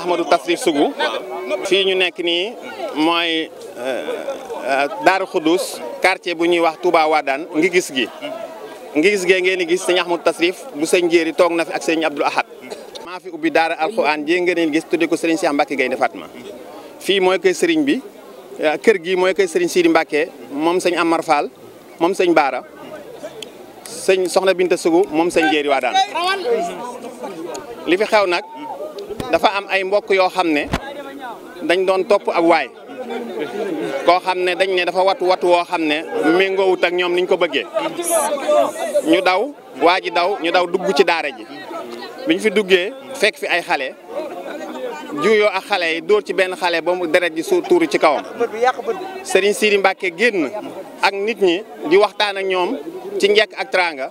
Ahmadou Tasrif sugu fii ñu nekk nii mooy euh, euh, Daaru Xudus quartier bu ñuy wax waa daan ngi gis gi ngi gis gee ngeen di gis sëñ Ahmadou Tasrif bu sëñ Njéeri toog na fi ak sëñ Abdul Ahad maa fi ubbi daara alxuraan jee ngeen gis tudde ko sëriñ Cheikh Mbacke Gaynde Fatma fii mooy kër sëriñ bi euh, kër gi mooy kër sëriñ Sidi Mbacke moom sëñ Amar Fall moom sëñ Baara sëñ Soxna Binta Sougou moom sëñ Njéeri Wadaan li fi xew nag dafa am ay mbokk yoo xam ne dañ doon topp ak waay koo xam ne dañ ne dafa watu watu woo xam ne méngoowut ak ñoom niñ ko bëggee ñu daw waa ji daw ñu daw dugg ci daara ji biñ fi duggee fekk fi ay xale juyoo a xale yi dóor ci benn xale ba deret ji su tuuru ci kawam Serigne Sidi Mbacke génn ak nit ñi di waxtaan ak ñoom ci njekk ak tranga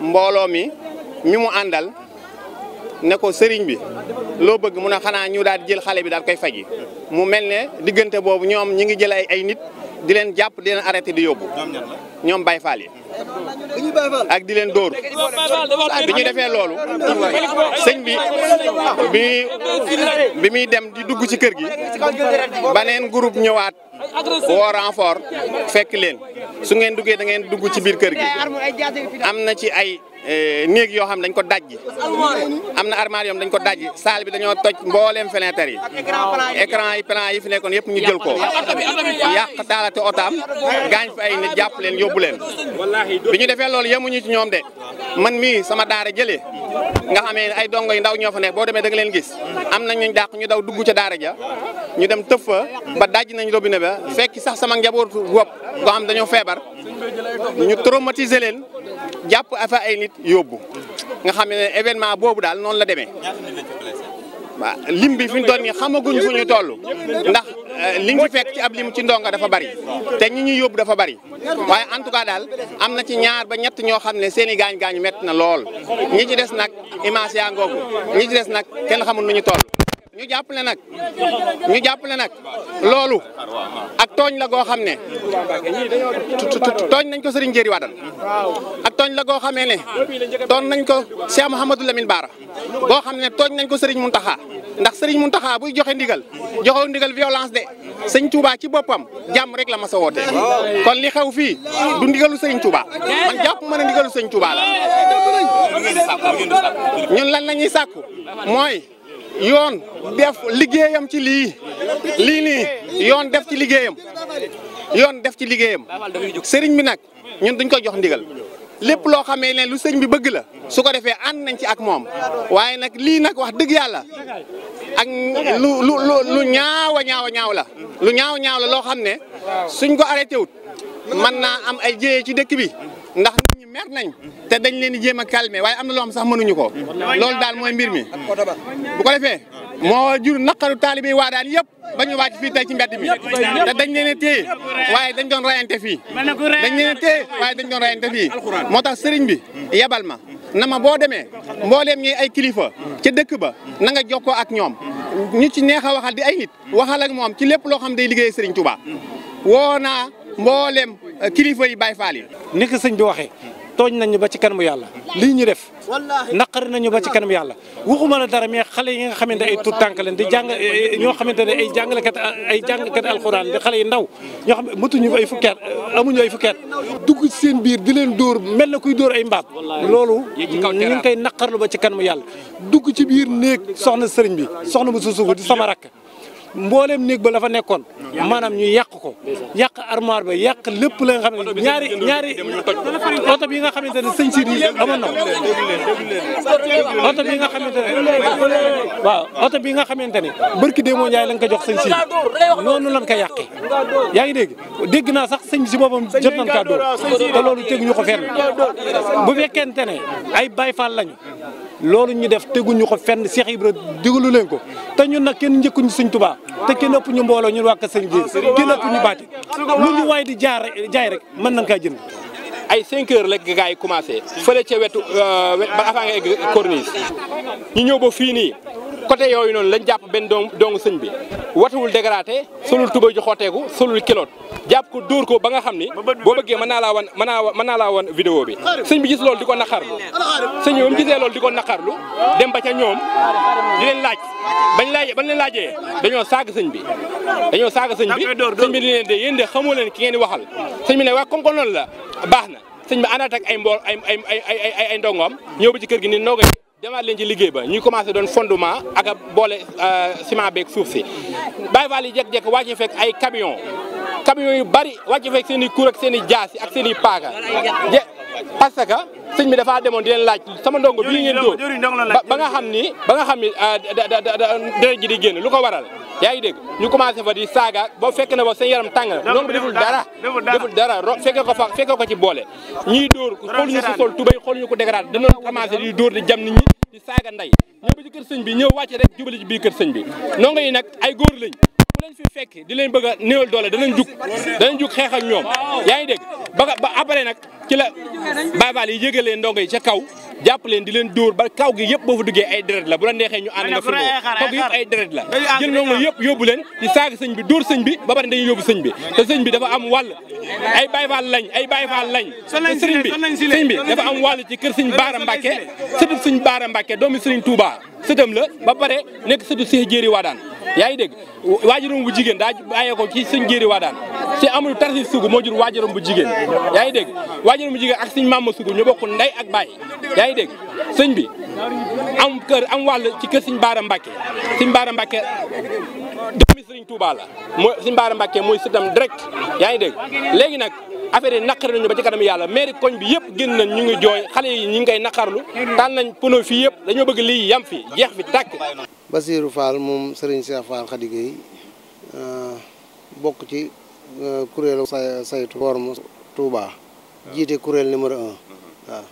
mbooloo mi mi mu àndal ne ko sëriñ bi loo bëgg mun a xanaa ñu daal di jël xale bi daal koy faji mu mel ne diggante boobu ñoom ñi ngi jël ay ay nit di leen jàpp di leen arrêté di yóbbu ñoom Baye Fall ak di leen dóor bi ñu defee loolu sëñ bi bi muy dem di dugg ci kër gi ba baneen groupe ñëwaat woo renfort fekk leen su ngeen duggee da ngeen dugg ci biir kër gi am na ci ay Eh, néeg yoo xam dañ ko dajji am na armoire yoo xam dañ ko daj saal bi dañoo toj mbooleem fenêtre yi écran yi plan yi fi nekkoon yëpp ñu jël ko yàq taalate otaam gaañ fi ay nit jàpp leen yóbbu leen bi ñu defee loolu yemuñu ci ñoom de man mii sama daara jëlee nga xamee ay dongo yu ndaw ñoo fa nekk boo demee da leen gis am na ñu dàq ñu daw dugg ca daara ja ñu dem tëf fa ba dajji nañ robinet ba fekk sax sama njaboot bopp goo xam dañoo feebar ñu traumatiser jàpp afa ay nit yóbbu nga xam ne événement boobu daal noonu la demee waaw lim bi fi ñu toll nii xamaguñ fu ñu toll ndax euh, li ñu fekk ci ab lim ci ndonga dafa bari te ñi ñuy yóbbu dafa bari waaye en tout daal am na ci ñaar ba ñett ñoo xam ne seen i gaañ-gaañ métti na lool ñi ci des nag image yaa ngoogu ñi ci des nag kenn xamul nu ñu toll. ñu jàppale nag ñu jàppale nag loolu ak tooñ la goo xam ne tooñ nañ ko Serigne Jéeri Wadane ak tooñ la goo xamee ne tooñ nañ ko Cheikh Mouhamadou Lamine Bara goo xam ne tooñ nañ ko Serigne Mountakha ndax Serigne Mountakha buy joxe ndigal joxe ndigal violence de sëñ Touba ci boppam jàmm rek la ma sa kon li xew fii du ndigalu sëñ Touba man jàpp ma ne ndigalu sëñ Touba la ñun lan la ñuy mooy yoon def liggéeyam ci lii lii nii yoon def ci liggéeyam def ci liggéeyam sëriñ bi nag ñun duñ ko jox ndigal lépp loo xamee ne lu sëñ bi bëgg la su ko defee ànd nañ ci ak moom waaye nag lii nag wax dëgg yàlla ak lu lu lu ñaawa ñaawa ñaaw la lu ñaaw ñaaw la loo xam ne suñ ko arrêté wut mën naa am ay jéye ci dëkk bi ndax mer nañ te dañ leen di jéem a calmer waaye am na loo xam sax mënuñu ko lool daal mooy mbir mi bu ko defee moo jur naqaru taalibe waa daan yëpp ba ñu wàcc fii tey ci mbedd mi te dañ leen a waaye dañ doon rayante fii dañ leen a téye waaye dañ doon rayante fii moo tax sëriñ bi yebal ma na ma boo demee mbooleem ñi ay kilifa ca dëkk ba na nga jokkoo ak ñoom ñu ci neex a waxal di ay nit waxal ak moom ci lépp loo xam day liggéey sëriñ Touba woo naa mbooleem kilifa yi Baye Fall yi. nekk sëñ bi waxe tooñ nañu ba ci kanamu yàlla lii ñu def naqari nañu ba ci kanamu yàlla waxuma la dara mee xale yi nga xamante ay tuut tànk leen di jàng ñoo xamante ne ay jàngalekat ay jàngkat alxuraan di xale yi ndaw ñoo xam matuñu ay fukki at amuñu ay fukki at dugg ci seen biir di leen dóor mel na kuy dóor ay mbaam loolu ñu ngi koy naqarlu ba ci kanamu yàlla dugg ci biir néeg soxna sëriñ bi soxna bu suusufu di sama rakk mboolem néeg ba la fa nekkoon maanaam ñu yàq ko yàq armoire ba yàq lépp la nga xam ne ñaari ñaari oto bi nga xamante ne sëñ siir yi amoon na oto bi nga xamante ne waaw oto bi nga xamante ne barki démoo Njaay lañ ko jox sëñ siir noonu nga ko yàqee yaa ngi dégg dégg naa sax sëñ si boppam jot nañ kaa dóor te loolu teg ñu ko fenn bu fekkente ne ay Baay Faal lañu loolu ñu def teguñu ko fenn Cheikh Ibra digalu leen ko te ñun nag kenn njëkkuñu sëñ Tuubaa te kenn ëpp ñu mbooloo ñun wàkka sëñ ji kenn ëpp ñu bàcc lu ñu waay di jaar jaay rek mën nañ kaa jënd ay 5 heures la gars yi commencé fële ca wetu euh, ba avant nga egg corniche ñu ñëw ba fii nii côté yooyu noonu lañ jàpp benn doom doomu sëñ bi watuwul dégradé solul tubay ju xotteeku solul kiloot jàpp ko dóor ko ba nga xam ni boo bëggee mën naa laa wan mën naa mën naa laa wan vidéo bi sëñ bi gis lool di ko naqarlu sëñ bi ba mu gisee loolu di ko naqarlu dem ba ca ñoom di leen laaj bañ laaj bañ leen laajee dañoo saag sëñ bi dañoo saaga sëñ bi sëñ bi di de yéen de xamoo leen ki ngeen di waxal sëñ bi ne waa kon noonu la baax na sëñ bi àndaat ay mbool ay ay ay ay ay ndongoom ñëw ci kër gi ni noo demaat leen ci liggéey ba ñuy commencé doon fondement ak a boole euh, ciment beeg suuf si Baye Fall yi jekk-jekk wàcc fekk ay camion camion yu bari wàcc fekk seen i kuur ak seen i jaas ak seen i paaka parce que sëñ bi dafa demoon di laaj sama ndongo bii ngeen dóor ba nga xam ni ba nga xam ni ah, deret ji di génn lu ko waral yaa ngi dégg ñu commencé fa di saaga boo fekkee na ba seen yaram tàng na ndongo deful dara deful dara fekke ko fa fekke ko ci boole ñuy dóor xool ñu ko sol tubéy xool ñu ko dégradé danoon commencé di dóor di jam nit ñi di saaga nday ñëw ba ci kër bi ñëw wàcce rek jubali ci bii kër sëñ bi nongo yi nag ay góor lañ fi fekk di leen bëgg a néewal doole danañ jug danañ jug xeex ak ñoom yaa ngi dégg ba ba après nag ci la Baay Faal yi yëgalee ndongo yi ca kaw jàpp leen di leen dóor ba kaw gi yëpp boo fa duggee ay deret la bu la neexee ñu ànd nga fi kaw gi yëpp ay deret la jël ndongo yëpp yóbbu leen di saaga sëñ bi dóor sëñ bi ba pare dañuy yóbbu sëñ bi te sëñ bi dafa am wàll ay Baay Faal lañ ay Baay Faal lañ te sëriñ bi sëñ bi dafa am wàll ci kër sëñ Baara Mbàkke sëtub sëñ Baara Mbàkke doomi sëriñ Touba sëtam la ba pare nekk sëtu Cheikh Jéeri Wadaan yaa ngi dégg waajuram bu jigéen daa bàyyee ko ci sëñ Jéeri Wadaan Cheikh Amadou Tarsi Sougou moo jur waajuram bu jigéen yaa ngi dégg waajuram bu jigéen ak sëñ Mama Sougou ñu bokk ndey ak baay yaa ngi dégg sëñ bi am kër am wàll ci kër sëñ Baara Mbacke sëñ Baara mbake doomi sëriñ Touba la mooy sëñ Baara Mbacke mooy sëtam direct yaa ngi dégg léegi nag affaire yi naqar nañu ba ci kanam yàlla mairie koñ bi yëpp génn nañ ñu ngi jooy xale yi ñu ngi koy naqarlu tànn nañ pono fii yëpp dañoo bëgg lii yam fi jeex fi tàkk Basirou Fall moom Serigne Cheikh Fall Khady Gueye euh, bokk ci euh, kuréelu saytu forme Touba ah. jiite kuréel numéro un uh-huh. waaw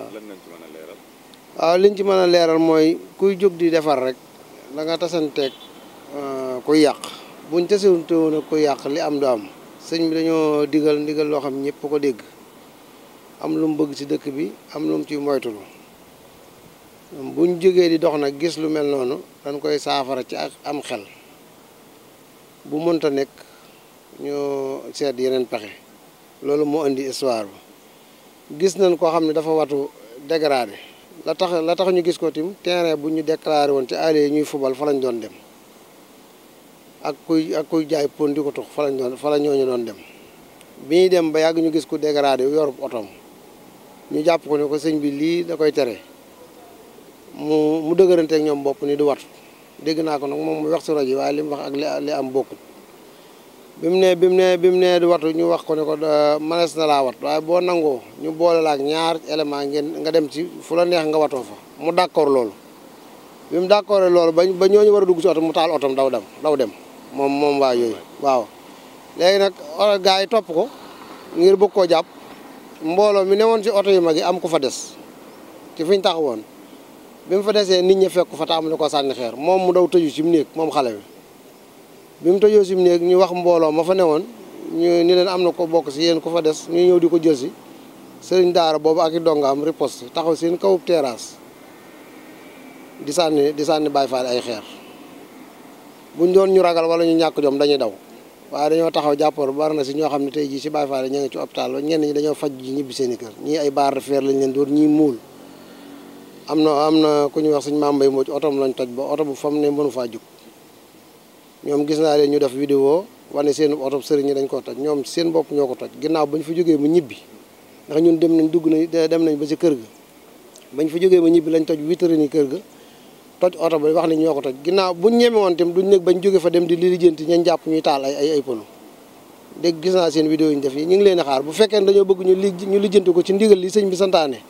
uh, ci ah, liñ ci mën a leeral mooy kuy jóg di defar rek da nga teeg euh, kuy yàq buñ tasewunte woon ko yàq li am du am sëñ bi dañoo digal ndigal loo xam ñëpp ko dégg am lu bëgg ci dëkk bi am lum ci ciy moytulu buñ jógee di dox nag gis lu mel noonu dañ koy saafara ci ak am xel bu mënta nekk ñoo seet yeneen pexe loolu moo indi histoire bi gis nañ koo xam ne dafa watu dégradé la tax la tax ñu gis ko tim terrain bu ñu déclaré woon ci àll yi ñuy fubal fa lañ doon dem ak kuy ak kuy jaay pon di tux fa lañ doon fa la ñooñu doon dem bi ñuy dem ba yàgg ñu gis ku dégradé yor otoom ñu jàpp ko ne ko sëñ bi lii da koy tere mu mu dëgëranteeg ñoom bopp ni du watu dëgg naa ko nag moom mu wax si rajo waaye li mu wax ak li am bokkut bi mu ne bi mu ne bi mu ne du watu ñu wax ko ne ko mënees na laa wat waaye boo nangoo ñu boole la ak ñaar élément ngeen nga dem ci fu la neex nga watoo fa mu d'accord loolu bi mu d'accord loolu ba ba ñooñu war a dugg si oto mu taal otom daw dem dem moom moom waa yooyu waaw léegi nag gars yi topp ko ngir bëgg koo jàpp mbooloo mi newoon ci oto yu mag yi am ku fa des ci fiñ ñu woon bi mu fa desee nit ñi fekk fa taamu ne ko sànni xeer moom mu daw tëju ci mu néeg moom xale bi bi mu tëjoo ci mu ñu wax mbooloo ma fa newoon ñu ni leen am na ko bokk si yéen ko fa des ñu ñëw di ko jël si sëriñ daara boobu ak i dongaam riposte taxaw seen kawub teraas di sànni di sànni Baay Faal ay xeer buñ doon ñu ragal wala ñu ñàkk jom dañuy daw waaye dañoo taxaw jàppoor bari na si ñoo xam ne tey jii si Baye Fall ña ngi ci hôpital ba ñi dañoo faj ji ñibbi seen i kër ñii ay barre de fer lañ leen door ñii muul am na am na ku ñuy wax suñ maam Mbaye Mbodj otom lañ toj ba oto bu fam ne mënu faa jug ñoom gis naa leen ñu def vidéo wane seen oto sëriñ ñi dañ koo toj ñoom seen bopp ñoo ko toj ginnaaw bañ fa jógee mu ñibbi ndax ñun dem nañ dugg nañ dem nañ ba ci kër ga bañ fi jógee ma ñibbi lañ toj vitrine yi kër ga toj oto ba wax ni ñoo ko toj ginnaaw buñ ñeme woon tam duñ nekk bañ jóge fa dem di li lijjanti ñañ jàpp ñuy taal ay ay ay pono naa seen yi ñu ngi leen a bu fekkee ne dañoo li ñu lijjanti ko ci ndigal li sëñ bi santaane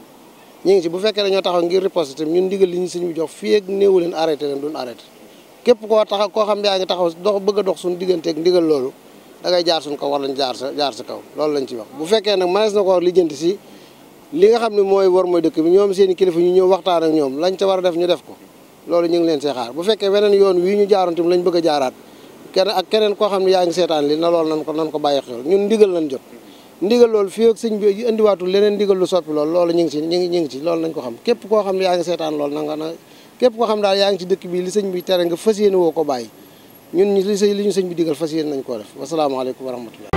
ñu ngi si bu fekkee dañoo ñu sëñ bi jox fii ak néewu leen arrêté koo taxaw koo xam yaa ngi taxaw bëgg a dox suñu digganteeg ndigal loolu da ngay jaar suñ jaar sa jaar sa loolu lañ ci wax bu fekkee nag mënees na ko lijjanti si li nga xam ne mooy war mooy dëkk bi ñoom seen i kilifa ñu ñëw waxtaan ak ñoom lañ ca war a def ñu def ko loolu ñu ngi leen see xaar bu fekkee weneen yoon wii ñu jaaroon tamit lañ bëgg a jaaraat keneen koo xam yaa ngi seetaan li na loolu nan ko nan ko bàyyi xel ak sëñ bi indiwaatul leneen ndigal lu soppi loolu loolu ñu ngi ñu ngi ñu ngi si loolu nañ ko xam képp koo xam ne yaa ngi seetaan loolu na nga na képp koo xam daal yaa ngi ci dëkk bi li sëñ bi tere nga fas woo ko bàyyi ñun li sëñ li ñu sëñ bi digal fas nañ koo def wasalaamaaleykum wa rahmatullah